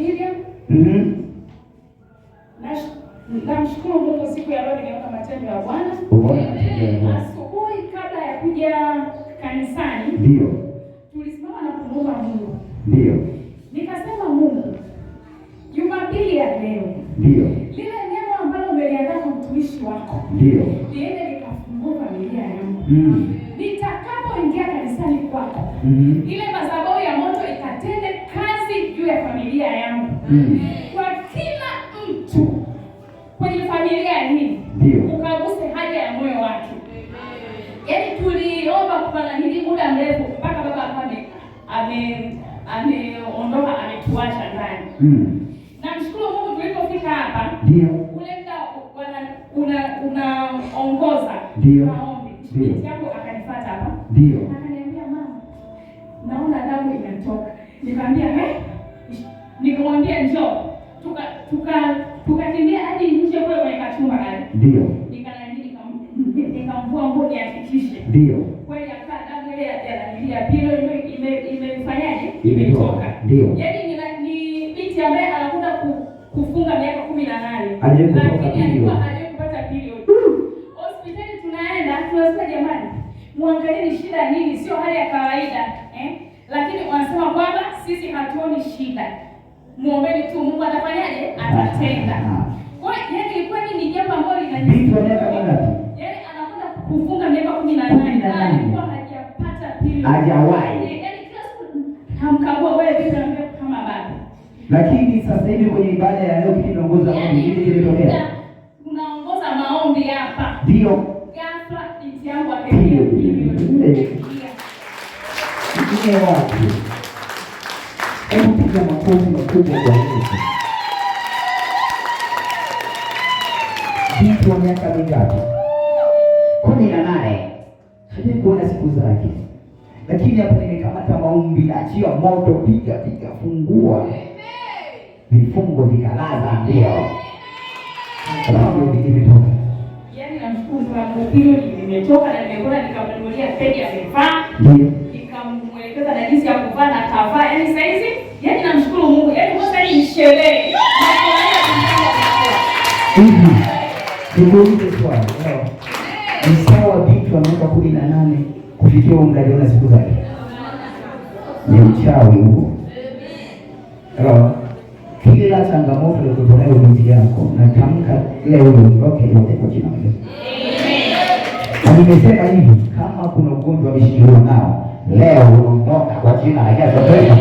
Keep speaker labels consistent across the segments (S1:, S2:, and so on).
S1: Miriam. Mhm. Namshukuru Mungu siku ya leo nimeona matendo ya Bwana. Asubuhi kabla ya kuja kanisani. Ndio. Tulisimama na kumuomba Mungu. Ndio. Nikasema Mungu, Jumapili ya leo. Ndio. Lile neno ambalo umeliandaa kwa mtumishi wako. Ndio. Niende nikafungua familia yangu. Mhm. Nitakapoingia kanisani kwako. Mhm. Ile mm. kwa kila mtu kwenye familia hii ukaguse haja ya moyo wake. Yaani tuliomba kupanga hili muda mrefu mpaka baba ame- ameondoka ametuacha ndani mm. Namshukuru Mungu tulipofika hapa
S2: ule
S1: mda unaongoza maombi yangu akanipata hapa, akaniambia mama, naona damu inatoka, nikaambia eh nikamwambia njo tuka hadi nje kule kwenye kachumba kale, ndio nikamvua nguo niafikishe, ndio kweli akaa damu ile ya ya pilo imefanyaje,
S2: imetoka.
S1: Ndio yaani ni binti ambaye anakuja kufunga miaka kumi na nane lakini alikuwa pilo. Hospitali tunaenda tunasema, jamani, muangalieni shida nini, sio hali ya kawaida eh, lakini wanasema kwamba sisi hatuoni shida muombeni tu, Mungu atafanyaje? Atatenda. Kwa hiyo yani ilikuwa ni jambo ambalo
S2: linanipa yani
S1: anakwenda kufunga miaka 18 na alikuwa hajapata pili.
S2: Hajawahi.
S1: hamkagua wewe kama
S2: Lakini sasa hivi kwenye ibada ya leo kinaongoza maombi nini kimetokea?
S1: Unaongoza maombi hapa. Ndio. Ghafla binti yangu
S2: akaingia. Ndio. Ndio kupiga makofi makubwa kwa Yesu. Binti wa miaka mingapi? kumi na nane. Hajui kuona siku zake, lakini hapo nimekamata maombi na achia moto, piga piga, fungua vifungo vikalaza mbio ambavyo vimetoka.
S1: Yaani namshukuru sana kwa hilo limetoka na nimekuwa nikamnunulia stendi ya vifaa sherehe
S2: nikuulize swali ni sawa binti wa miaka kumi na nane kufikia uungaji na siku zake ni uchawi huo. Kila changamoto iliyonayo binti yako natamka leo iondoke yote kwa jina la Yesu. Nimesema hivi, kama kuna ugonjwa umeshikiliwa nao leo unaondoka kwa jina la Yesu.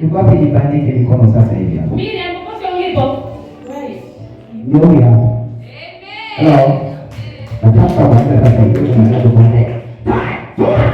S2: Nikwapi nibandike mikono sasa hivi hapo.
S1: Mimi ambapo ulipo.
S2: Ndio hapo. Hello. Nataka kuanza sasa hivi tunataka kuanza.